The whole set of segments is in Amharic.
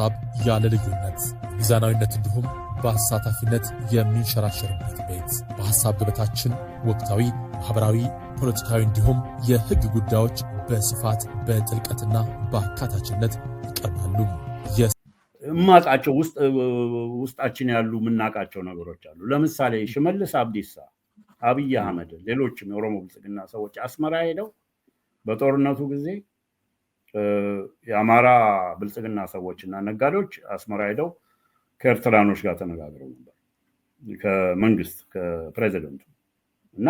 ሐሳብ ያለ ልዩነት ሚዛናዊነት እንዲሁም በአሳታፊነት የሚንሸራሸርበት ቤት በሐሳብ ገበታችን ወቅታዊ፣ ማኅበራዊ፣ ፖለቲካዊ እንዲሁም የሕግ ጉዳዮች በስፋት በጥልቀትና በአካታችነት ይቀርባሉ። እማቃቸው ውስጣችን ያሉ የምናቃቸው ነገሮች አሉ። ለምሳሌ ሽመልስ አብዲሳ፣ አብይ አህመድ፣ ሌሎችም የኦሮሞ ብልጽግና ሰዎች አስመራ ሄደው በጦርነቱ ጊዜ የአማራ ብልጽግና ሰዎች እና ነጋዴዎች አስመራ ሄደው ከኤርትራኖች ጋር ተነጋግረው ነበር፣ ከመንግስት ከፕሬዚደንቱ እና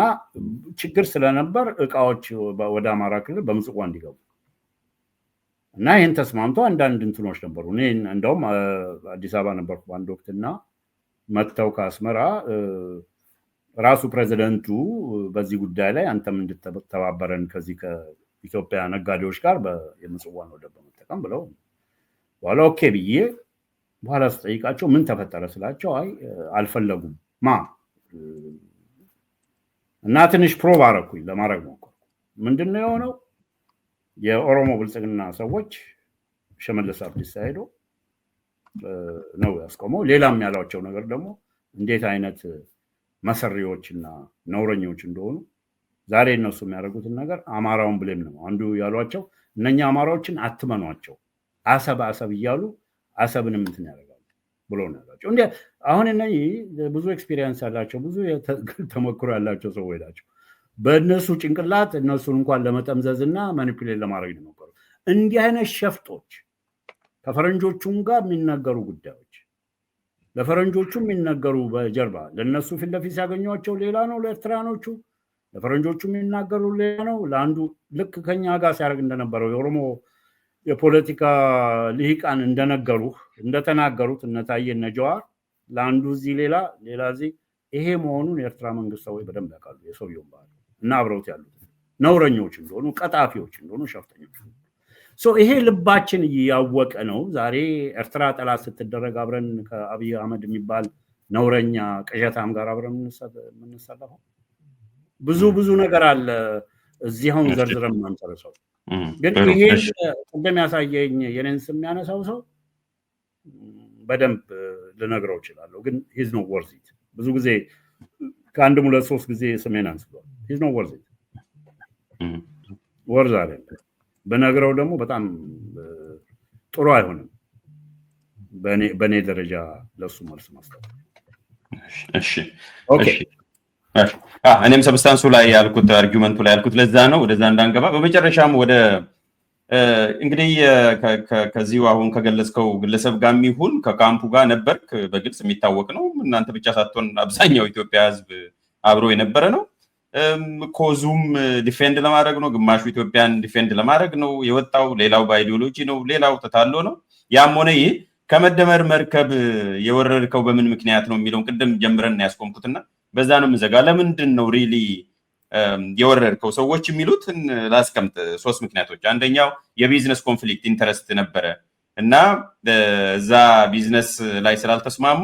ችግር ስለነበር እቃዎች ወደ አማራ ክልል በምጽዋ እንዲገቡ እና ይህን ተስማምቶ አንዳንድ እንትኖች ነበሩ። እኔ እንደውም አዲስ አበባ ነበርኩ በአንድ ወቅትና መጥተው ከአስመራ ራሱ ፕሬዚደንቱ በዚህ ጉዳይ ላይ አንተም እንድተባበረን ከዚህ ኢትዮጵያ ነጋዴዎች ጋር የምጽዋን ወደብ በመጠቀም ብለው በኋላ ኦኬ ብዬ በኋላ ስጠይቃቸው ምን ተፈጠረ ስላቸው አይ አልፈለጉም ማ እና ትንሽ ፕሮብ አረኩኝ ለማድረግ ሞከርኩ። ምንድን ነው የሆነው? የኦሮሞ ብልጽግና ሰዎች ሸመለስ አብዲሳ ሄዶ ነው ያስቆመው። ሌላም ያሏቸው ነገር ደግሞ እንዴት አይነት መሰሪዎች እና ነውረኞች እንደሆኑ ዛሬ እነሱ የሚያደርጉትን ነገር አማራውን ብሌም ነው። አንዱ ያሏቸው እነኛ አማራዎችን አትመኗቸው፣ አሰብ አሰብ እያሉ አሰብንም ምትን ያደርጋሉ ብሎ ነው ያሏቸው። እንዲ አሁን እነ ብዙ ኤክስፒሪየንስ ያላቸው ብዙ ተሞክሮ ያላቸው ሰዎች ናቸው። በእነሱ ጭንቅላት እነሱን እንኳን ለመጠምዘዝ እና ማኒፕሌት ለማድረግ ነው የሞከሩት። እንዲህ አይነት ሸፍጦች ከፈረንጆቹም ጋር የሚነገሩ ጉዳዮች ለፈረንጆቹ የሚነገሩ በጀርባ ለእነሱ ፊት ለፊት ሲያገኟቸው ሌላ ነው ለኤርትራኖቹ ለፈረንጆቹ የሚናገሩ ሌላ ነው። ለአንዱ ልክ ከኛ ጋር ሲያደርግ እንደነበረው የኦሮሞ የፖለቲካ ልሂቃን እንደነገሩ እንደተናገሩት እነታየ እነ ጀዋር ለአንዱ እዚህ ሌላ ሌላ እዚህ ይሄ መሆኑን የኤርትራ መንግስት ሰዎች በደንብ ያውቃሉ። የሰውየውን ባህል እና አብረውት ያሉት ነውረኞች እንደሆኑ፣ ቀጣፊዎች እንደሆኑ፣ ሸፍተኞች ይሄ ልባችን እያወቀ ነው። ዛሬ ኤርትራ ጠላት ስትደረግ አብረን ከአብይ አህመድ የሚባል ነውረኛ ቅዠታም ጋር አብረን የምንሰለፈው ብዙ ብዙ ነገር አለ እዚህ አሁን ዘርዝረን ማንጨርሰው። ግን ይሄ ቅድም ያሳየኝ የኔን ስም የሚያነሳው ሰው በደንብ ልነግረው ይችላለሁ ግን ሂዝ ኖ ወርዚት ብዙ ጊዜ ከአንድም ሁለት ሶስት ጊዜ ስሜን አንስቷል። ሂዝ ኖ ወርዚት ወርዝ አይደለም። በነግረው ደግሞ በጣም ጥሩ አይሆንም። በእኔ ደረጃ ለሱ መልስ ማስታወቅ እሺ እኔም ሰብስታንሱ ላይ ያልኩት አርጊመንቱ ላይ ያልኩት ለዛ ነው። ወደዛ እንዳንገባ በመጨረሻም ወደ እንግዲህ ከዚሁ አሁን ከገለጽከው ግለሰብ ጋር የሚሆን ከካምፑ ጋር ነበርክ፣ በግልጽ የሚታወቅ ነው። እናንተ ብቻ ሳትሆን አብዛኛው ኢትዮጵያ ሕዝብ አብሮ የነበረ ነው። ኮዙም ዲፌንድ ለማድረግ ነው፣ ግማሹ ኢትዮጵያን ዲፌንድ ለማድረግ ነው የወጣው። ሌላው በአይዲዮሎጂ ነው፣ ሌላው ተታሎ ነው። ያም ሆነ ይህ ከመደመር መርከብ የወረድከው በምን ምክንያት ነው የሚለውን ቅድም ጀምረን ያስቆምኩትና በዛ ነው የምዘጋ። ለምንድን ነው ሪሊ um, የወረድከው? ሰዎች የሚሉትን ላስቀምጥ፣ ሶስት ምክንያቶች። አንደኛው የቢዝነስ ኮንፍሊክት ኢንተረስት ነበረ እና uh, እዛ ቢዝነስ ላይ ስላልተስማሙ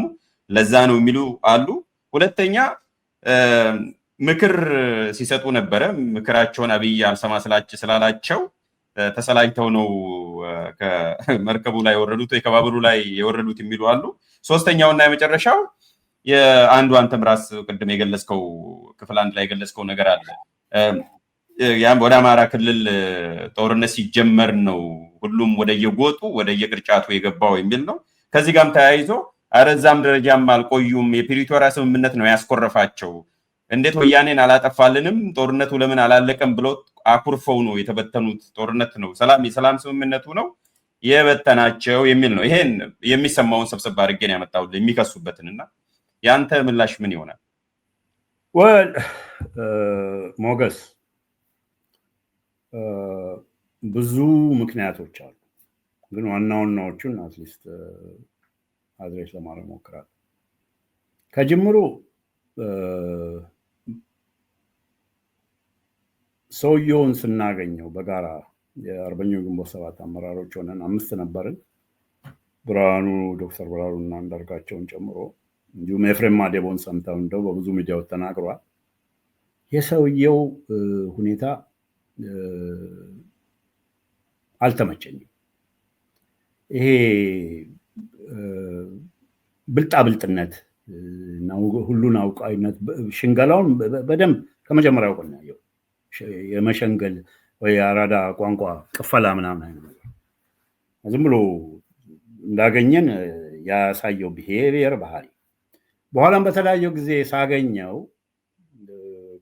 ለዛ ነው የሚሉ አሉ። ሁለተኛ um, ምክር ሲሰጡ ነበረ። ምክራቸውን አብይ አልሰማ ስላላቸው ተሰላጅተው ነው uh, ከመርከቡ ላይ የወረዱት ከባቡሩ ላይ የወረዱት የሚሉ አሉ። ሶስተኛውና የመጨረሻው የአንዱ አንተም ራስ ቅድም የገለጽከው ክፍል አንድ ላይ የገለጽከው ነገር አለ። ወደ አማራ ክልል ጦርነት ሲጀመር ነው ሁሉም ወደየጎጡ ወደየቅርጫቱ የገባው የሚል ነው። ከዚህ ጋም ተያይዞ አረዛም ደረጃም አልቆዩም። የፕሪቶሪያ ስምምነት ነው ያስኮረፋቸው። እንዴት ወያኔን አላጠፋልንም ጦርነቱ ለምን አላለቀም ብለው አኩርፈው ነው የተበተኑት። ጦርነት ነው ሰላም የሰላም ስምምነቱ ነው የበተናቸው የሚል ነው። ይሄን የሚሰማውን ሰብሰብ አድርጌን ያመጣሁልህ የሚከሱበትን እና ያንተ ምላሽ ምን ይሆናል? ወል ሞገስ ብዙ ምክንያቶች አሉ፣ ግን ዋና ዋናዎቹን አትሊስት አድሬስ ለማድረግ ሞክራል። ከጅምሩ ሰውየውን ስናገኘው በጋራ የአርበኛው ግንቦት ሰባት አመራሮች ሆነን አምስት ነበርን፣ ብርሃኑ ዶክተር ብርሃኑና አንዳርጋቸውን ጨምሮ እንዲሁም ኤፍሬም ማዴቦን ሰምተው እንደው በብዙ ሚዲያዎች ተናግረዋል። የሰውየው ሁኔታ አልተመቸኝም። ይሄ ብልጣብልጥነት እና ሁሉን አውቃዊነት ሽንገላውን በደንብ ከመጀመሪያው ቀን ያየው የመሸንገል ወይ የአራዳ ቋንቋ ቅፈላ ምናምን አይነት ነገር ዝም ብሎ እንዳገኘን ያሳየው ብሄቪየር ባህሪ በኋላም በተለያየው ጊዜ ሳገኘው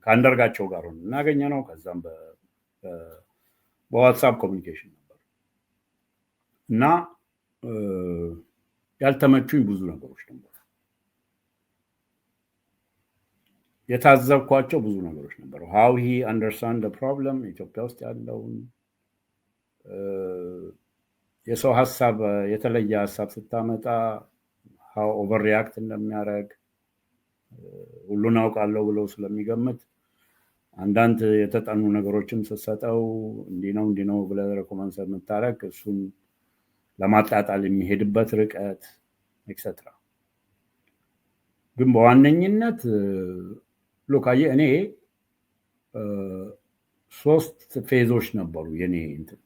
ከአንዳርጋቸው ጋር እናገኘ ነው። ከዛም በዋትሳፕ ኮሚኒኬሽን ነበር እና ያልተመቹኝ ብዙ ነገሮች ነበሩ። የታዘብኳቸው ብዙ ነገሮች ነበሩ። ሀው ሂ አንደርስታንድ ፕሮብለም ኢትዮጵያ ውስጥ ያለውን የሰው ሀሳብ የተለየ ሀሳብ ስታመጣ ሀው ኦቨር ሪያክት እንደሚያደርግ ሁሉን አውቃለሁ ብሎ ስለሚገምት አንዳንድ የተጠኑ ነገሮችን ስትሰጠው እንዲህ ነው እንዲህ ነው ብለህ ረኮመንስ የምታረግ እሱን ለማጣጣል የሚሄድበት ርቀት ኤክሰትራ። ግን በዋነኝነት ሉካዬ እኔ ሶስት ፌዞች ነበሩ የኔ እንትን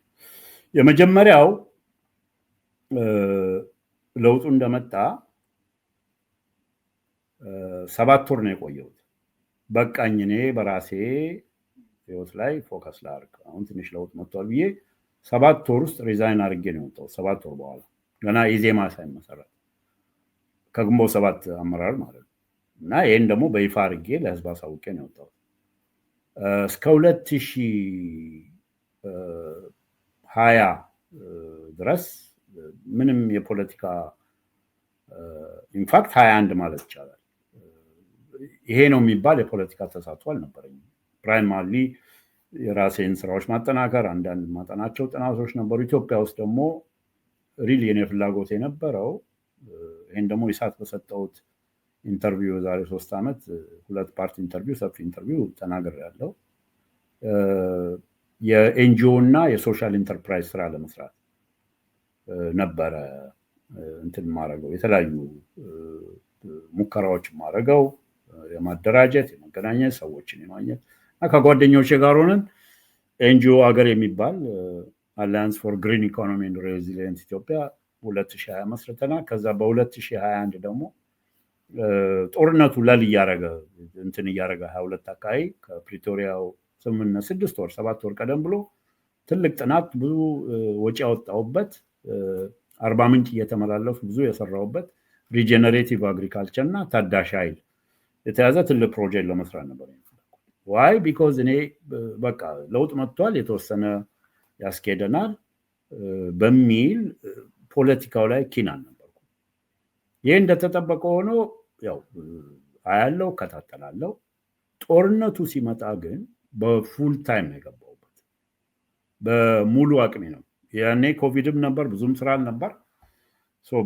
የመጀመሪያው ለውጡ እንደመጣ ሰባት ወር ነው የቆየሁት። በቃኝ እኔ በራሴ ህይወት ላይ ፎከስ ላርግ አሁን ትንሽ ለውጥ መጥቷል ብዬ ሰባት ወር ውስጥ ሪዛይን አድርጌ ነው የወጣሁት። ሰባት ወር በኋላ ገና ኢዜማ ሳይመሰረት ከግንቦት ሰባት አመራር ማለት ነው። እና ይህን ደግሞ በይፋ አድርጌ ለህዝብ አሳውቄ ነው የወጣሁት። እስከ ሁለት ሺህ ሀያ ድረስ ምንም የፖለቲካ ኢንፋክት ሀያ አንድ ማለት ይቻላል ይሄ ነው የሚባል የፖለቲካ ተሳትፎ አልነበረኝም። ፕራይማሊ የራሴን ስራዎች ማጠናከር፣ አንዳንድ ማጠናቸው ጥናቶች ነበሩ። ኢትዮጵያ ውስጥ ደግሞ ሪል የኔ ፍላጎት የነበረው ይህን ደግሞ ይሳት በሰጠውት ኢንተርቪው ዛሬ ሶስት ዓመት ሁለት ፓርት ኢንተርቪው ሰፊ ኢንተርቪው ተናገር ያለው የኤንጂኦ እና የሶሻል ኢንተርፕራይዝ ስራ ለመስራት ነበረ እንትን ማድረገው የተለያዩ ሙከራዎች ማድረገው የማደራጀት የመገናኘት ሰዎችን የማግኘት እና ከጓደኞች ጋር ሆነን ኤንጂኦ ሀገር የሚባል አሊያንስ ፎር ግሪን ኢኮኖሚ ሬዚሊየንስ ኢትዮጵያ 2020 መስርተናል። ከዛ በ2021 ደግሞ ጦርነቱ ለል እያረገ እንትን እያረገ 22 አካባቢ ከፕሪቶሪያው ስምምነት ስድስት ወር ሰባት ወር ቀደም ብሎ ትልቅ ጥናት ብዙ ወጪ ያወጣውበት አርባ ምንጭ እየተመላለሱ ብዙ የሰራውበት ሪጀነሬቲቭ አግሪካልቸር እና ታዳሽ ኃይል የተያዘ ትልቅ ፕሮጀክት ለመስራት ነበር። ዋይ ቢኮዝ እኔ በቃ ለውጥ መጥቷል፣ የተወሰነ ያስኬደናል በሚል ፖለቲካው ላይ ኪን ነበርኩ። ይህ እንደተጠበቀ ሆኖ ያው አያለው እከታተላለው። ጦርነቱ ሲመጣ ግን በፉል ታይም ነው በሙሉ አቅሜ ነው። ያኔ ኮቪድም ነበር ብዙም ስራ አልነበር።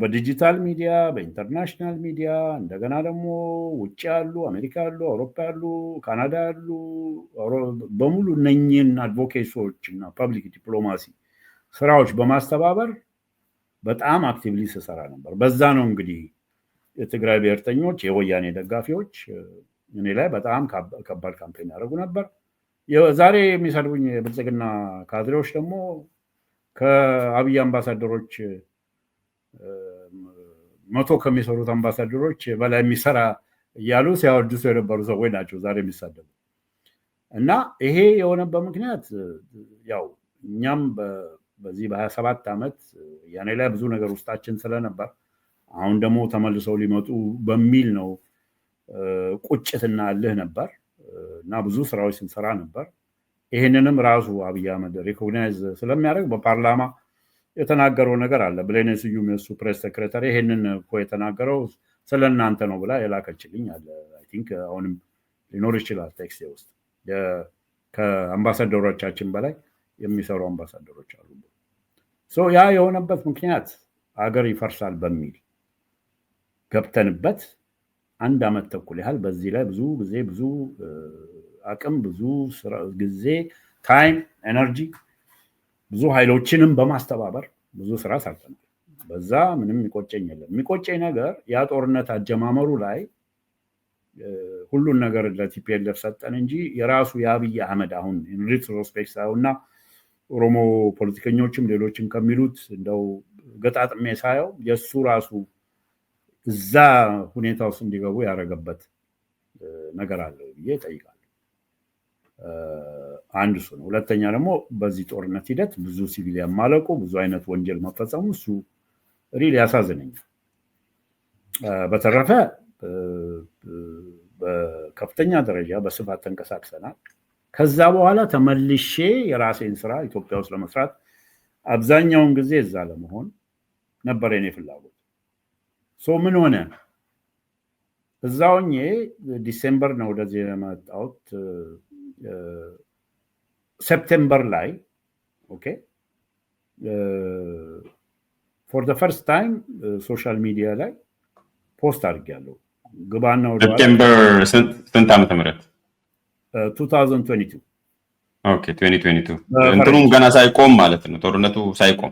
በዲጂታል ሚዲያ በኢንተርናሽናል ሚዲያ እንደገና ደግሞ ውጭ ያሉ አሜሪካ ያሉ አውሮፓ ያሉ ካናዳ ያሉ በሙሉ እነኝን አድቮኬሶች እና ፐብሊክ ዲፕሎማሲ ስራዎች በማስተባበር በጣም አክቲቭሊ ስሰራ ነበር። በዛ ነው እንግዲህ የትግራይ ብሔርተኞች የወያኔ ደጋፊዎች እኔ ላይ በጣም ከባድ ካምፔን ያደርጉ ነበር። ዛሬ የሚሰድቡኝ የብልጽግና ካድሬዎች ደግሞ ከአብይ አምባሳደሮች መቶ ከሚሰሩት አምባሳደሮች በላይ የሚሰራ እያሉ ሲያወድሱ የነበሩ ሰዎች ናቸው ዛሬ የሚሳደቡ። እና ይሄ የሆነበት ምክንያት ያው እኛም በዚህ በሀያ ሰባት ዓመት ያኔ ላይ ብዙ ነገር ውስጣችን ስለነበር አሁን ደግሞ ተመልሰው ሊመጡ በሚል ነው ቁጭትና እልህ ነበር እና ብዙ ስራዎች ስንሰራ ነበር። ይህንንም ራሱ አብይ አህመድ ሪኮግናይዝ ስለሚያደርግ በፓርላማ የተናገረው ነገር አለ። ብሌኔ ስዩም የሱ ፕሬስ ሴክሬታሪ ይሄንን እኮ የተናገረው ስለ እናንተ ነው ብላ የላከችልኝ አለ። አይ ቲንክ አሁንም ሊኖር ይችላል ቴክስቴ ውስጥ ከአምባሳደሮቻችን በላይ የሚሰሩ አምባሳደሮች አሉ። ያ የሆነበት ምክንያት አገር ይፈርሳል በሚል ገብተንበት አንድ አመት ተኩል ያህል በዚህ ላይ ብዙ ጊዜ ብዙ አቅም ብዙ ጊዜ ታይም ኤነርጂ ብዙ ኃይሎችንም በማስተባበር ብዙ ስራ ሰርተናል። በዛ ምንም የሚቆጨኝ የለም። የሚቆጨኝ ነገር ያ ጦርነት አጀማመሩ ላይ ሁሉን ነገር ለቲፒኤልኤፍ ሰጠን እንጂ የራሱ የአብይ አህመድ አሁን ሪትሮስፔክት እና ኦሮሞ ፖለቲከኞችም ሌሎችም ከሚሉት እንደው ገጣጥሜ ሳየው የእሱ ራሱ እዛ ሁኔታ ውስጥ እንዲገቡ ያደረገበት ነገር አለው ብዬ ጠይቃል። አንድ እሱ ነው። ሁለተኛ ደግሞ በዚህ ጦርነት ሂደት ብዙ ሲቪሊያን ማለቁ፣ ብዙ አይነት ወንጀል መፈጸሙ እሱ ሪል ያሳዝነኛል። በተረፈ በከፍተኛ ደረጃ በስፋት ተንቀሳቅሰናል። ከዛ በኋላ ተመልሼ የራሴን ስራ ኢትዮጵያ ውስጥ ለመስራት አብዛኛውን ጊዜ እዛ ለመሆን ነበር የኔ ፍላጎት። ሶ ምን ሆነ? እዛውኜ ዲሴምበር ነው ወደዚህ የመጣሁት ሴፕቴምበር ላይ ኦኬ ፎር ዘ ፈርስት ታይም ሶሻል ሚዲያ ላይ ፖስት አድርጌያለሁ። ግባና ወደ ስንት ዓመተ ምህረት 2022 ኦኬ 2022 እንትኑም ገና ሳይቆም ማለት ነው፣ ጦርነቱ ሳይቆም።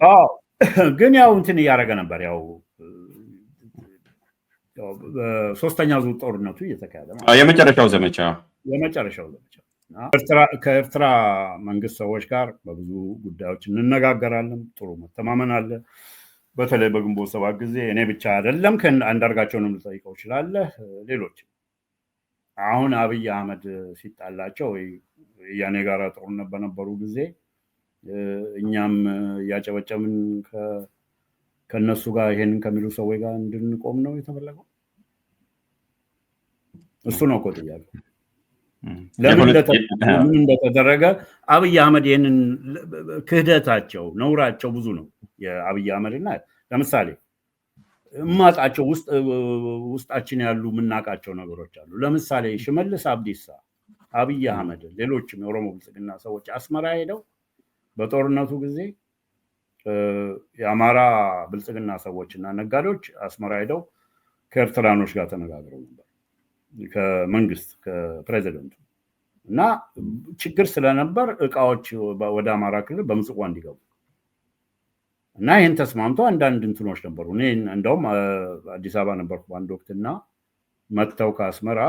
ግን ያው እንትን እያደረገ ነበር ያው ሶስተኛ ዙር ጦርነቱ እየተካሄደ የመጨረሻው ዘመቻ የመጨረሻው ዘመቻ ከኤርትራ መንግስት ሰዎች ጋር በብዙ ጉዳዮች እንነጋገራለን። ጥሩ መተማመን አለ። በተለይ በግንቦት ሰባት ጊዜ እኔ ብቻ አይደለም አንዳርጋቸውንም ልጠይቀው እችላለሁ። ሌሎችም አሁን አብይ አህመድ ሲጣላቸው ያኔ ጋር ጦርነት በነበሩ ጊዜ እኛም እያጨበጨብን ከእነሱ ጋር ይሄንን ከሚሉ ሰዎች ጋር እንድንቆም ነው የተፈለገው። እሱ ነው እኮ ጥያቄ። ለምን እንደተደረገ አብይ አህመድ ይህንን ክህደታቸው ነውራቸው ብዙ ነው። የአብይ አህመድና ለምሳሌ እማቃቸው ውስጣችን ያሉ የምናቃቸው ነገሮች አሉ። ለምሳሌ ሽመልስ አብዲሳ፣ አብይ አህመድ፣ ሌሎችም የኦሮሞ ብልጽግና ሰዎች አስመራ ሄደው በጦርነቱ ጊዜ የአማራ ብልጽግና ሰዎች እና ነጋዴዎች አስመራ ሄደው ከኤርትራኖች ጋር ተነጋግረው ነበር። ከመንግስት ከፕሬዚደንቱ እና ችግር ስለነበር እቃዎች ወደ አማራ ክልል በምጽዋ እንዲገቡ እና ይህን ተስማምቶ አንዳንድ እንትኖች ነበሩ። እኔ እንደውም አዲስ አበባ ነበርኩ በአንድ ወቅትና መጥተው ከአስመራ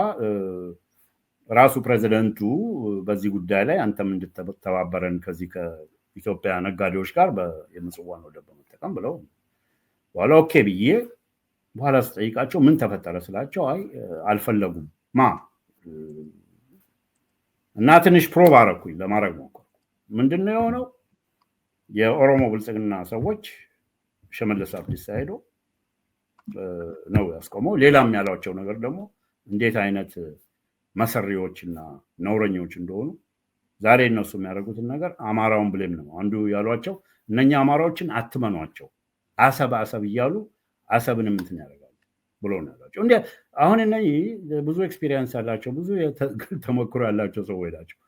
ራሱ ፕሬዚደንቱ በዚህ ጉዳይ ላይ አንተም እንድተባበረን ከዚህ ከኢትዮጵያ ነጋዴዎች ጋር የምጽዋን ወደብ በመጠቀም ብለው ዋላ ኦኬ ብዬ በኋላ ስጠይቃቸው ምን ተፈጠረ ስላቸው አይ አልፈለጉም ማ እና ትንሽ ፕሮብ አረኩኝ ለማድረግ ሞከርኩ። ምንድነው የሆነው? የኦሮሞ ብልጽግና ሰዎች ሸመለስ አብዲሳ ሄዶ ነው ያስቆመው። ሌላም ያሏቸው ነገር ደግሞ እንዴት አይነት መሰሪዎች እና ነውረኞች እንደሆኑ ዛሬ እነሱ የሚያደርጉትን ነገር አማራውን ብሌም ነው አንዱ ያሏቸው። እነኛ አማራዎችን አትመኗቸው፣ አሰብ አሰብ እያሉ አሰብንም እንትን ያደርጋሉ ብሎ ያላቸው እንዲ አሁን እነዚህ ብዙ ኤክስፒሪየንስ ያላቸው ብዙ ተሞክሮ ያላቸው ሰዎች ናቸው።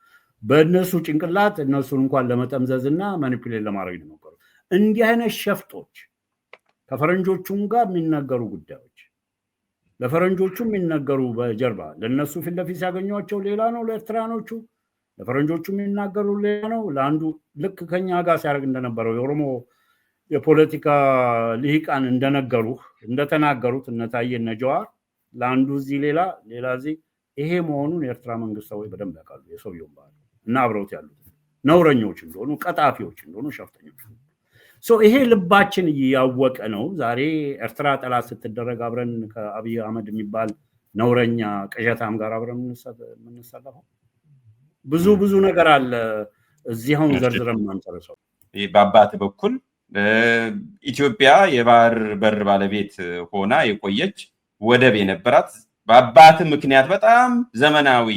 በእነሱ ጭንቅላት እነሱን እንኳን ለመጠምዘዝ እና ማኒፕሌት ለማድረግ የሞከሩ እንዲህ አይነት ሸፍጦች ከፈረንጆቹም ጋር የሚነገሩ ጉዳዮች ለፈረንጆቹ የሚነገሩ በጀርባ ለእነሱ ፊት ለፊት ሲያገኟቸው ሌላ ነው። ለኤርትራኖቹ ለፈረንጆቹ የሚናገሩ ሌላ ነው። ለአንዱ ልክ ከኛ ጋር ሲያደርግ እንደነበረው የኦሮሞ የፖለቲካ ልሂቃን እንደነገሩ እንደተናገሩት እነታየ ነጀዋር ለአንዱ እዚህ ሌላ ሌላ እዚህ ይሄ መሆኑን የኤርትራ መንግስት ሰዎች በደንብ ያውቃሉ። የሰውየው ባህል እና አብረውት ያሉት ነውረኞች እንደሆኑ፣ ቀጣፊዎች እንደሆኑ፣ ሸፍተኞች ይሄ ልባችን እያወቀ ነው። ዛሬ ኤርትራ ጠላት ስትደረግ አብረን ከአብይ አህመድ የሚባል ነውረኛ ቅዠታም ጋር አብረን የምንሰለፈው ብዙ ብዙ ነገር አለ እዚያውን ዘርዝረን ማንጨርሰው በአባት በኩል ኢትዮጵያ የባህር በር ባለቤት ሆና የቆየች ወደብ የነበራት በአባት ምክንያት በጣም ዘመናዊ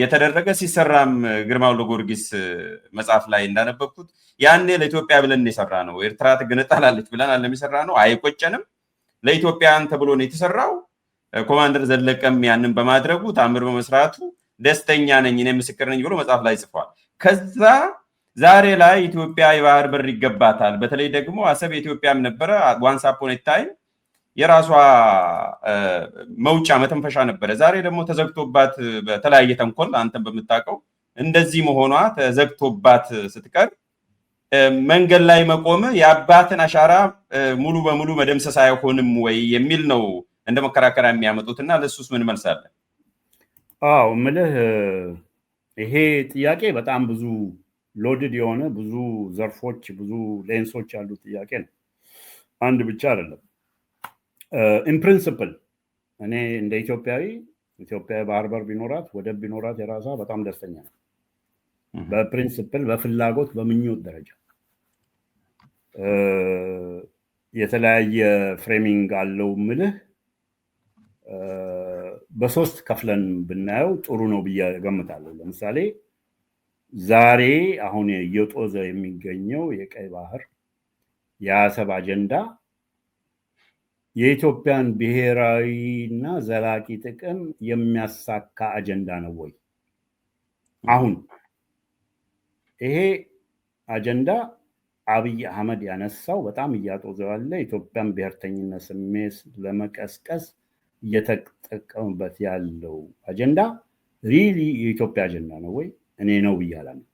የተደረገ ሲሰራም ግርማው ወልደ መጽሐፍ ላይ እንዳነበብኩት ያኔ ለኢትዮጵያ ብለን የሰራ ነው። ኤርትራ ትገነጣላለች ብለን አለም የሰራ ነው። አይቆጨንም። ለኢትዮጵያን ተብሎ ነው የተሰራው። ኮማንደር ዘለቀም ያንን በማድረጉ ታምር በመስራቱ ደስተኛ ነኝ እኔ ምስክር ነኝ ብሎ መጽሐፍ ላይ ጽፏል። ከዛ ዛሬ ላይ ኢትዮጵያ የባህር በር ይገባታል። በተለይ ደግሞ አሰብ የኢትዮጵያም ነበረ። ዋንስ አፖን ታይም የራሷ መውጫ መተንፈሻ ነበረ። ዛሬ ደግሞ ተዘግቶባት በተለያየ ተንኮል አንተን በምታውቀው እንደዚህ መሆኗ ተዘግቶባት ስትቀር መንገድ ላይ መቆም የአባትን አሻራ ሙሉ በሙሉ መደምሰስ አይሆንም ወይ የሚል ነው እንደ መከራከሪያ የሚያመጡት እና ለሱስ ምን መልሳለን? አዎ ምልህ ይሄ ጥያቄ በጣም ብዙ ሎድድ የሆነ ብዙ ዘርፎች ብዙ ሌንሶች ያሉት ጥያቄ ነው። አንድ ብቻ አይደለም። ኢንፕሪንስፕል እኔ እንደ ኢትዮጵያዊ ኢትዮጵያ ባህር ቢኖራት ወደብ ቢኖራት የራሳ በጣም ደስተኛ ነው። በፕሪንስፕል በፍላጎት በምኞት ደረጃ የተለያየ ፍሬሚንግ አለው ምልህ በሶስት ከፍለን ብናየው ጥሩ ነው ብዬ ገምታለሁ ለምሳሌ ዛሬ አሁን እየጦዘ የሚገኘው የቀይ ባህር የአሰብ አጀንዳ የኢትዮጵያን ብሔራዊና እና ዘላቂ ጥቅም የሚያሳካ አጀንዳ ነው ወይ? አሁን ይሄ አጀንዳ አብይ አህመድ ያነሳው በጣም እያጦዘ ያለ ኢትዮጵያን ብሔርተኝነት ስሜት ለመቀስቀስ እየተጠቀሙበት ያለው አጀንዳ ሪሊ የኢትዮጵያ አጀንዳ ነው ወይ? እኔ ነው ብያላ ነው።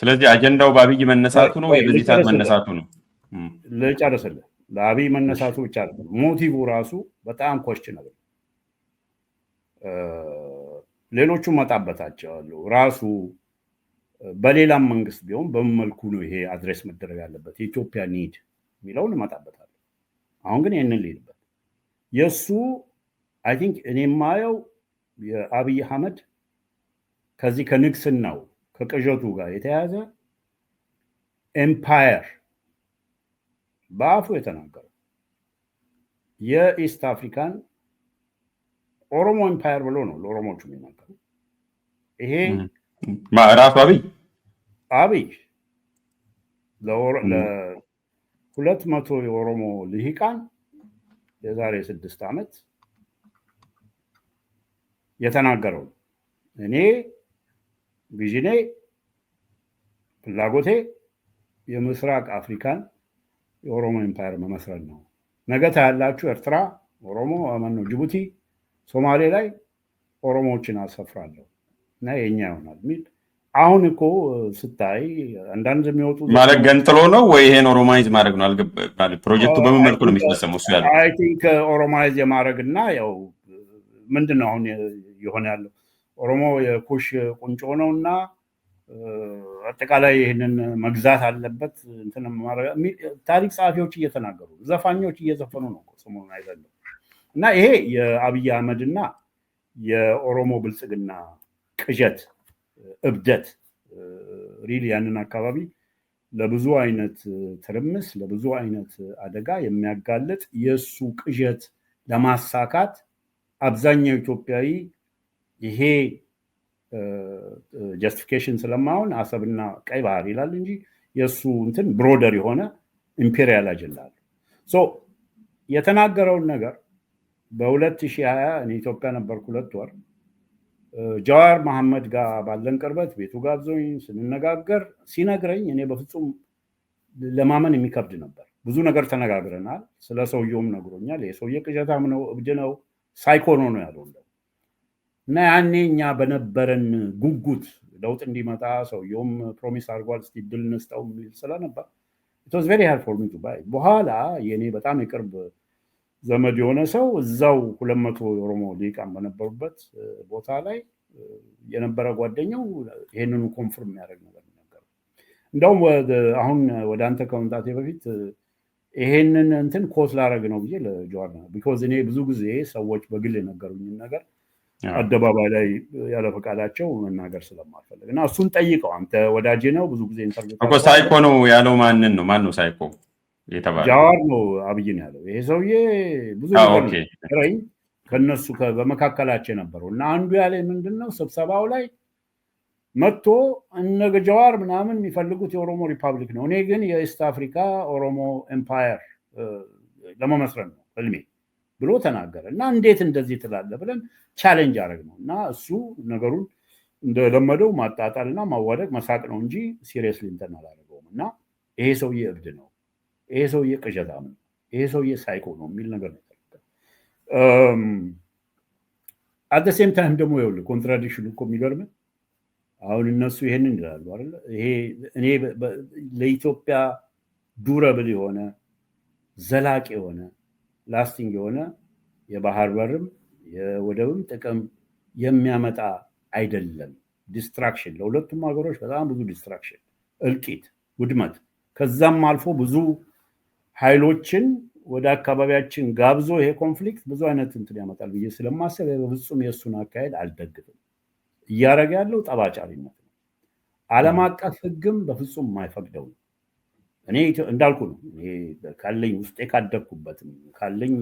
ስለዚህ አጀንዳው በአብይ መነሳቱ ነው ወይ በዚህ ሰዓት መነሳቱ ነው ልጨርስልህ። ለአብይ መነሳቱ ብቻ አይደለም፣ ሞቲቭ ራሱ በጣም ኮስችን ነበር። ሌሎቹ መጣበታቸዋለሁ ራሱ በሌላም መንግስት ቢሆን በምን መልኩ ነው ይሄ አድሬስ መደረግ ያለበት የኢትዮጵያ ኒድ የሚለው ልመጣበታለሁ። አሁን ግን ይህንን ልሄድበት የእሱ አይ ቲንክ እኔ የማየው የአብይ አህመድ ከዚህ ከንግስናው ከቅዠቱ ጋር የተያያዘ ኤምፓየር በአፉ የተናገረው የኢስት አፍሪካን ኦሮሞ ኤምፓየር ብሎ ነው ለኦሮሞቹ የሚናገሩ። ይሄ ማዕራፍ አብይ አብይ ለሁለት መቶ የኦሮሞ ልሂቃን የዛሬ ስድስት ዓመት የተናገረው እኔ ቪዥኔ ፍላጎቴ የምስራቅ አፍሪካን የኦሮሞ ኤምፓየር መመስረት ነው። ነገ ታያላችሁ። ኤርትራ፣ ኦሮሞ ማነው፣ ጅቡቲ፣ ሶማሌ ላይ ኦሮሞዎችን አሰፍራለሁ እና የኛ ይሆናል ሚል አሁን እኮ ስታይ አንዳንድ የሚወጡ ማለት ገንጥሎ ነው ወይ ይሄን ኦሮማይዝ ማድረግ ነው። ፕሮጀክቱ በምን መልኩ ነው የሚፈጸመው? እሱ ያለ አይ ቲንክ ኦሮማይዝ የማድረግ እና ያው ምንድን ነው አሁን የሆነ ያለው ኦሮሞ የኩሽ ቁንጮ ነው እና አጠቃላይ ይህንን መግዛት አለበት። ታሪክ ጸሐፊዎች እየተናገሩ ዘፋኞች እየዘፈኑ ነው ሰሞኑን አይዘለም እና ይሄ የአብይ አህመድና የኦሮሞ ብልጽግና ቅዠት፣ እብደት ሪል ያንን አካባቢ ለብዙ አይነት ትርምስ፣ ለብዙ አይነት አደጋ የሚያጋልጥ የእሱ ቅዠት ለማሳካት አብዛኛው ኢትዮጵያዊ ይሄ ጀስቲፊኬሽን ስለማሆን አሰብና ቀይ ባህር ይላል እንጂ የእሱ እንትን ብሮደር የሆነ ኢምፔሪያል አጀንዳ አለ። የተናገረውን ነገር በ2020 ኢትዮጵያ ነበርኩ ሁለት ወር ጃዋር መሐመድ ጋር ባለን ቅርበት ቤቱ ጋብዞኝ ስንነጋገር ሲነግረኝ እኔ በፍጹም ለማመን የሚከብድ ነበር። ብዙ ነገር ተነጋግረናል። ስለ ሰውየውም ነግሮኛል። የሰውየ ቅዠታም ነው፣ እብድ ነው፣ ሳይኮኖ ነው ያለው እና ያኔ እኛ በነበረን ጉጉት ለውጥ እንዲመጣ ሰውየውም ፕሮሚስ አድርጓል። እስኪ ድል እንስጠው የሚል ስለነበር ኢትዋዝ ቬሪ ሃርድ ፎር ሚ ቱ ባይ። በኋላ የእኔ በጣም የቅርብ ዘመድ የሆነ ሰው እዛው ሁለት መቶ የኦሮሞ ሊቃን በነበሩበት ቦታ ላይ የነበረ ጓደኛው ይህንኑ ኮንፍርም የሚያደርግ ነገር ነበር። እንደውም አሁን ወደ አንተ ከመምጣቴ በፊት ይሄንን እንትን ኮት ላደርግ ነው ብዬ ለጆዋር ቢኮዝ እኔ ብዙ ጊዜ ሰዎች በግል የነገሩኝን ነገር አደባባይ ላይ ያለ ፈቃዳቸው መናገር ስለማልፈልግ እና እሱን ጠይቀው አንተ ወዳጄ ነው ብዙ ጊዜ እኮ ሳይኮ ነው ያለው። ማንን ነው? ማን ነው ሳይኮ ጃዋር ነው አብይን ያለው። ይሄ ሰውዬ ብዙ ረኝ ከነሱ በመካከላቸው የነበረው እና አንዱ ያለ ምንድን ነው ስብሰባው ላይ መጥቶ እነገ ጃዋር ምናምን የሚፈልጉት የኦሮሞ ሪፐብሊክ ነው፣ እኔ ግን የኢስት አፍሪካ ኦሮሞ ኤምፓየር ለመመስረት ነው እልሜ ብሎ ተናገረ እና እንዴት እንደዚህ ትላለ ብለን ቻሌንጅ አደረግ ነው እና እሱ ነገሩን እንደለመደው ማጣጣል እና ማዋደቅ መሳቅ ነው እንጂ ሲሪየስሊ እንትን አላደረገውም። እና ይሄ ሰውዬ እብድ ነው፣ ይሄ ሰውዬ ቅዠታም ነው፣ ይሄ ሰውዬ ሳይኮ ነው የሚል ነገር ነው። አት ሴም ታይም ደግሞ ይኸውልህ ኮንትራዲክሽን እኮ የሚገርምህ አሁን እነሱ ይሄንን ይላሉ አይደለ? ይሄ እኔ ለኢትዮጵያ ዱረብል የሆነ ዘላቂ የሆነ ላስቲንግ የሆነ የባህር በርም የወደብም ጥቅም የሚያመጣ አይደለም። ዲስትራክሽን ለሁለቱም ሀገሮች በጣም ብዙ ዲስትራክሽን፣ እልቂት፣ ውድመት ከዛም አልፎ ብዙ ኃይሎችን ወደ አካባቢያችን ጋብዞ ይሄ ኮንፍሊክት ብዙ አይነት እንትን ያመጣል ብዬ ስለማሰብ በፍጹም የእሱን አካሄድ አልደግፍም። እያደረገ ያለው ጠባጫሪነት ነው። ዓለም አቀፍ ሕግም በፍጹም የማይፈቅደው ነው። እኔ እንዳልኩ ነው ካለኝ ውስጤ ካደግኩበትም ካለኝ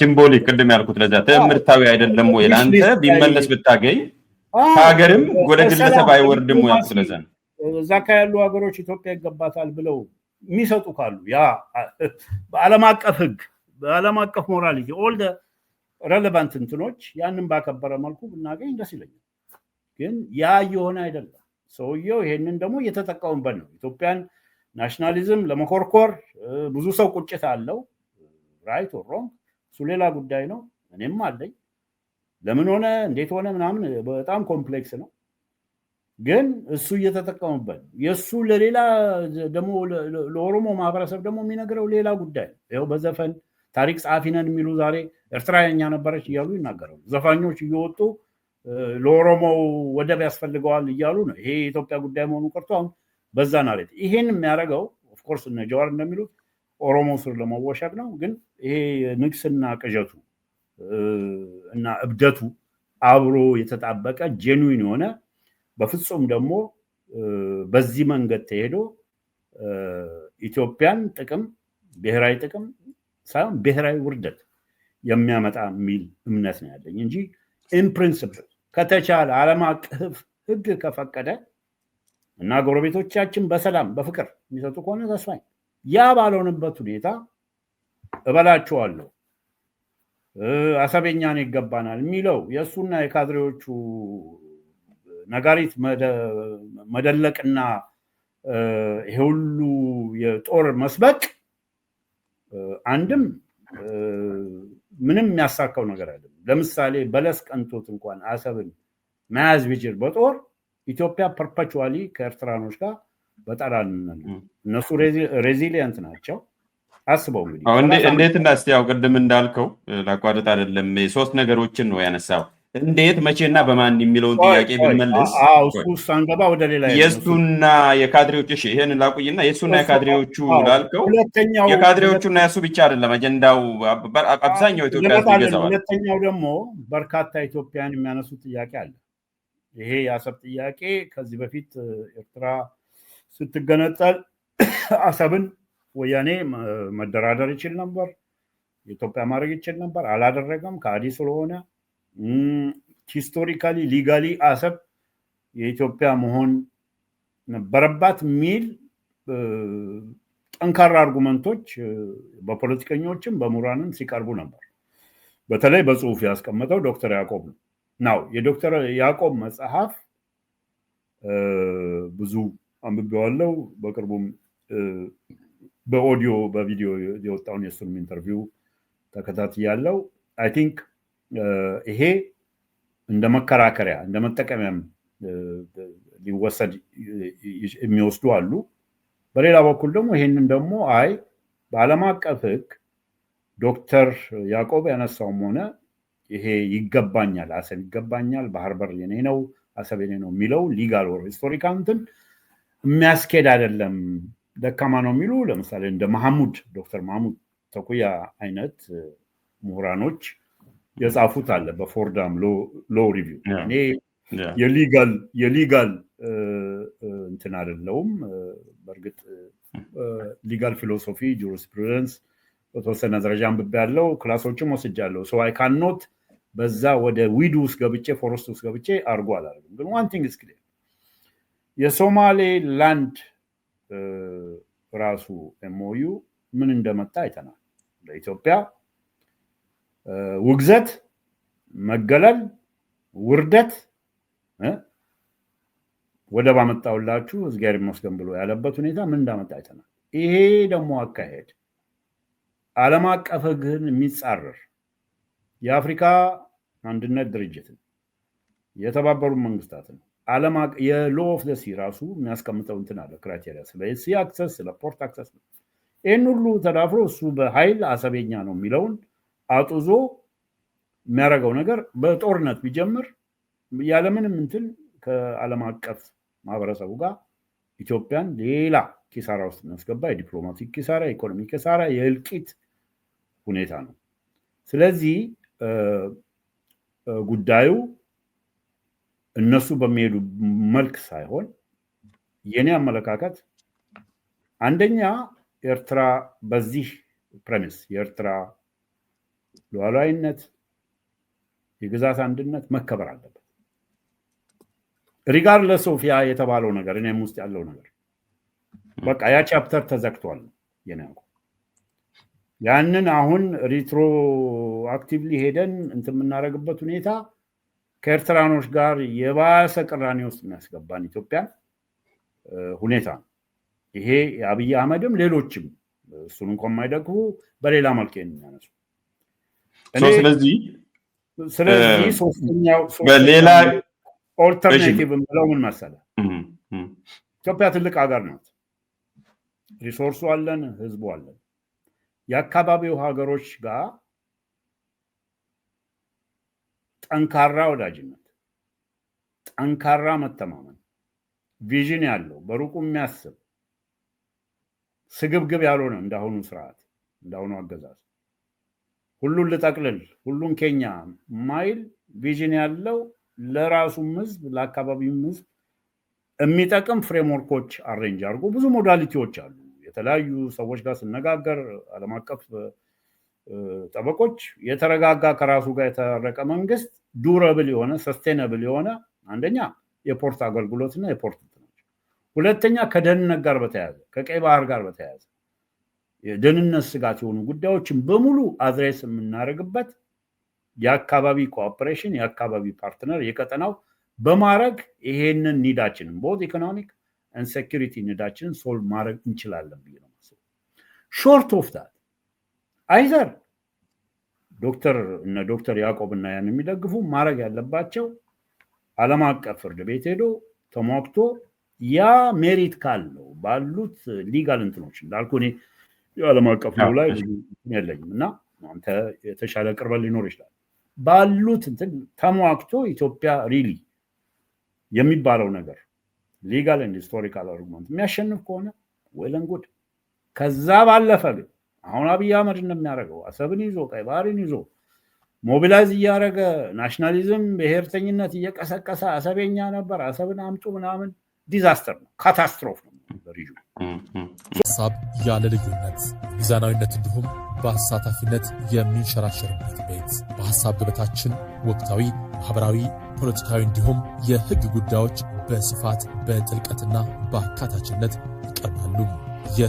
ሲምቦሊክ ቅድም ያልኩት ለዚያ ትምህርታዊ አይደለም ወይ ለአንተ ቢመለስ ብታገኝ ከሀገርም ወደ ግለሰብ አይወርድም ወይ ያልኩት ነው። እዛ ካ ያሉ ሀገሮች ኢትዮጵያ ይገባታል ብለው የሚሰጡ ካሉ ያ በአለም አቀፍ ህግ በአለም አቀፍ ሞራሊቲ ኦል ረሌቫንት እንትኖች ያንን ባከበረ መልኩ ብናገኝ ደስ ይለኛል። ግን ያ እየሆነ አይደለም። ሰውየው ይሄንን ደግሞ እየተጠቀሙበት ነው ኢትዮጵያን ናሽናሊዝም ለመኮርኮር ብዙ ሰው ቁጭት አለው። ራይት ሮንግ እሱ ሌላ ጉዳይ ነው። እኔም አለኝ። ለምን ሆነ እንዴት ሆነ ምናምን በጣም ኮምፕሌክስ ነው። ግን እሱ እየተጠቀሙበት የእሱ ለሌላ ደግሞ ለኦሮሞ ማህበረሰብ ደግሞ የሚነግረው ሌላ ጉዳይ ነው። በዘፈን ታሪክ ጸሐፊ የሚሉ ዛሬ ኤርትራ የእኛ ነበረች እያሉ ይናገራሉ። ዘፋኞች እየወጡ ለኦሮሞው ወደብ ያስፈልገዋል እያሉ ነው። ይሄ የኢትዮጵያ ጉዳይ መሆኑ ቀርቶ አሁን በዛ ናሬት ይሄን የሚያደርገው ኦፍኮርስ እነ ጀዋር እንደሚሉት ኦሮሞ ስር ለመወሸቅ ነው። ግን ይሄ ንግስና ቅዠቱ እና እብደቱ አብሮ የተጣበቀ ጄኑዊን የሆነ በፍጹም ደግሞ በዚህ መንገድ ተሄዶ ኢትዮጵያን ጥቅም ብሔራዊ ጥቅም ሳይሆን ብሔራዊ ውርደት የሚያመጣ የሚል እምነት ነው ያለኝ እንጂ ኢን ፕሪንስፕል ከተቻለ ዓለም አቀፍ ሕግ ከፈቀደ እና ጎረቤቶቻችን በሰላም በፍቅር የሚሰጡ ከሆነ ተስፋኝ ያ ባልሆንበት ሁኔታ እበላችኋለሁ፣ አሰበኛን ይገባናል የሚለው የእሱና የካድሬዎቹ ነጋሪት መደለቅና ይሄ ሁሉ የጦር መስበቅ አንድም ምንም የሚያሳካው ነገር አይደለም። ለምሳሌ በለስ ቀንቶት እንኳን አሰብን መያዝ ቢችል በጦር ኢትዮጵያ ፐርፐቹዋሊ ከኤርትራኖች ጋር በጠላንነት እነሱ ሬዚሊየንት ናቸው። አስበው እንግዲህ እንዴት እንዳስቲ ያው ቅድም እንዳልከው ላቋርጥ አይደለም ሶስት ነገሮችን ነው ያነሳው። እንዴት መቼና በማን የሚለውን ጥያቄ ብንመልስ ሳንገባ ወደ ሌላ የእሱና የካድሬዎች እሺ፣ ይህን ላቁይና የእሱና የካድሬዎቹ ላልከው የካድሬዎቹና የእሱ ብቻ አይደለም አጀንዳው አብዛኛው ኢትዮጵያ ሁለተኛው ደግሞ በርካታ ኢትዮጵያን የሚያነሱ ጥያቄ አለ ይሄ የአሰብ ጥያቄ ከዚህ በፊት ኤርትራ ስትገነጠል አሰብን ወያኔ መደራደር ይችል ነበር፣ የኢትዮጵያ ማድረግ ይችል ነበር። አላደረገም። ከአዲ ስለሆነ ሂስቶሪካሊ ሊጋሊ አሰብ የኢትዮጵያ መሆን ነበረባት የሚል ጠንካራ አርጉመንቶች በፖለቲከኞችም በምሁራንም ሲቀርቡ ነበር። በተለይ በጽሁፍ ያስቀመጠው ዶክተር ያዕቆብ ነው። ነው። የዶክተር ያዕቆብ መጽሐፍ ብዙ አንብቤዋለሁ። በቅርቡም በኦዲዮ በቪዲዮ የወጣውን የእሱንም ኢንተርቪው ተከታትያለሁ። አይ ቲንክ ይሄ እንደ መከራከሪያ እንደ መጠቀሚያም ሊወሰድ የሚወስዱ አሉ። በሌላ በኩል ደግሞ ይሄንን ደግሞ አይ በዓለም አቀፍ ሕግ ዶክተር ያዕቆብ ያነሳውም ሆነ ይሄ ይገባኛል፣ አሰብ ይገባኛል፣ ባህር በር የኔ ነው፣ አሰብ የኔ ነው የሚለው ሊጋል ወር ሂስቶሪካል እንትን የሚያስኬድ አይደለም፣ ደካማ ነው የሚሉ ለምሳሌ እንደ መሐሙድ ዶክተር መሐሙድ ተኩያ አይነት ምሁራኖች የጻፉት አለ በፎርዳም ሎ ሪቪው። እኔ የሊጋል እንትን አይደለውም። በእርግጥ ሊጋል ፊሎሶፊ ጁሪስፕሩደንስ በተወሰነ ደረጃ አንብቤ ያለው ክላሶችም ወስጃለሁ። ሶ አይ ካን ኖት በዛ ወደ ዊድ ውስጥ ገብቼ ፎረስት ውስጥ ገብቼ አርጎ አላደርግም። ግን ዋን ቲንግ ስክ የሶማሌ ላንድ ራሱ ኤምኦዩ ምን እንደመጣ አይተናል። ለኢትዮጵያ ውግዘት፣ መገለል፣ ውርደት ወደብ አመጣሁላችሁ እግዚአብሔር ይመስገን ብሎ ያለበት ሁኔታ ምን እንዳመጣ አይተናል። ይሄ ደግሞ አካሄድ ዓለም አቀፍ ሕግን የሚጻረር የአፍሪካ አንድነት ነው። የተባበሩ ነው። ዓለም የሎ ኦፍ ዘ ራሱ የሚያስቀምጠው እንትን አለ ክራይቴሪያ ስለ ሲ አክሰስ ስለ ፖርት አክሰስ ነው። ይህን ሁሉ ተዳፍሮ እሱ በኃይል አሰበኛ ነው የሚለውን አጡዞ የሚያደርገው ነገር በጦርነት ቢጀምር ያለምንም እንትን ከዓለም አቀፍ ማህበረሰቡ ጋር ኢትዮጵያን ሌላ ኪሳራ ውስጥ የሚያስገባ የዲፕሎማቲክ ኪሳራ፣ የኢኮኖሚ ኪሳራ፣ የእልቂት ሁኔታ ነው። ስለዚህ ጉዳዩ እነሱ በሚሄዱ መልክ ሳይሆን የኔ አመለካከት አንደኛ ኤርትራ በዚህ ፕሬሚስ የኤርትራ ሉዓላዊነት፣ የግዛት አንድነት መከበር አለበት። ሪጋርድለስ ለሶፊያ የተባለው ነገር እኔም ውስጥ ያለው ነገር በቃ ያ ቻፕተር ተዘግቷል የኔ የኔ ያንን አሁን ሪትሮ አክቲቭሊ ሄደን እንት የምናደረግበት ሁኔታ ከኤርትራኖች ጋር የባሰ ቅራኔ ውስጥ የሚያስገባን ኢትዮጵያን ሁኔታ ነው። ይሄ የአብይ አህመድም ሌሎችም እሱን እንኳን የማይደግፉ በሌላ መልክ የሚያነሱ ስለዚህ ስለዚህ ሶስተኛው በሌላ ኦልተርኔቲቭ የምለው ምን መሰለህ፣ ኢትዮጵያ ትልቅ ሀገር ናት። ሪሶርሱ አለን፣ ህዝቡ አለን። የአካባቢው ሀገሮች ጋር ጠንካራ ወዳጅነት፣ ጠንካራ መተማመን፣ ቪዥን ያለው በሩቁ የሚያስብ ስግብግብ ያልሆነ እንዳሁኑ ስርዓት እንዳሁኑ አገዛዝ ሁሉን ልጠቅልል ሁሉን ኬኛ ማይል ቪዥን ያለው ለራሱም ህዝብ ለአካባቢውም ህዝብ የሚጠቅም ፍሬምወርኮች አሬንጅ አድርጎ ብዙ ሞዳሊቲዎች አሉ። የተለያዩ ሰዎች ጋር ስነጋገር አለም አቀፍ ጠበቆች የተረጋጋ ከራሱ ጋር የተረቀ መንግስት ዱረብል የሆነ ሰስቴነብል የሆነ አንደኛ የፖርት እና የፖርት እንትኖች፣ ሁለተኛ ከደህንነት ጋር በተያያዘ ከቀይ ባህር ጋር በተያያዘ የደህንነት ስጋት የሆኑ ጉዳዮችን በሙሉ አድሬስ የምናደርግበት የአካባቢ ኮኦፕሬሽን የአካባቢ ፓርትነር የቀጠናው በማድረግ ይሄንን ኒዳችንን ቦት ኢኮኖሚክ ሴኪሪቲ ኒዳችንን ሶልቭ ማድረግ እንችላለን ብዬ ነው ማስበው። ሾርት ኦፍ ዳት አይዘር ዶክተር እነ ዶክተር ያዕቆብ እና ያን የሚደግፉ ማድረግ ያለባቸው አለም አቀፍ ፍርድ ቤት ሄዶ ተሟግቶ ያ ሜሪት ካለው ባሉት ሊጋል እንትኖች እንዳልኩ እኔ የዓለም አቀፍ ነው ላይ የለኝም እና አንተ የተሻለ ቅርበት ሊኖር ይችላል ባሉት እንትን ተሟግቶ ኢትዮጵያ ሪሊ የሚባለው ነገር ሊጋል ን ሂስቶሪካል አርጉመንት የሚያሸንፍ ከሆነ ወይለን ጉድ። ከዛ ባለፈ ግን አሁን አብይ አህመድ እንደሚያደርገው አሰብን ይዞ ቀይ ባህርን ይዞ ሞቢላይዝ እያደረገ ናሽናሊዝም፣ ብሔርተኝነት እየቀሰቀሰ አሰቤኛ ነበር አሰብን አምጡ ምናምን ዲዛስተር ነው፣ ካታስትሮፍ ነው። ሀሳብ ያለ ልዩነት ሚዛናዊነት፣ እንዲሁም በአሳታፊነት የሚንሸራሸርበት ቤት በሀሳብ ገበታችን ወቅታዊ፣ ማህበራዊ፣ ፖለቲካዊ እንዲሁም የህግ ጉዳዮች በስፋት በጥልቀትና በአካታችነት ይቀርባሉ።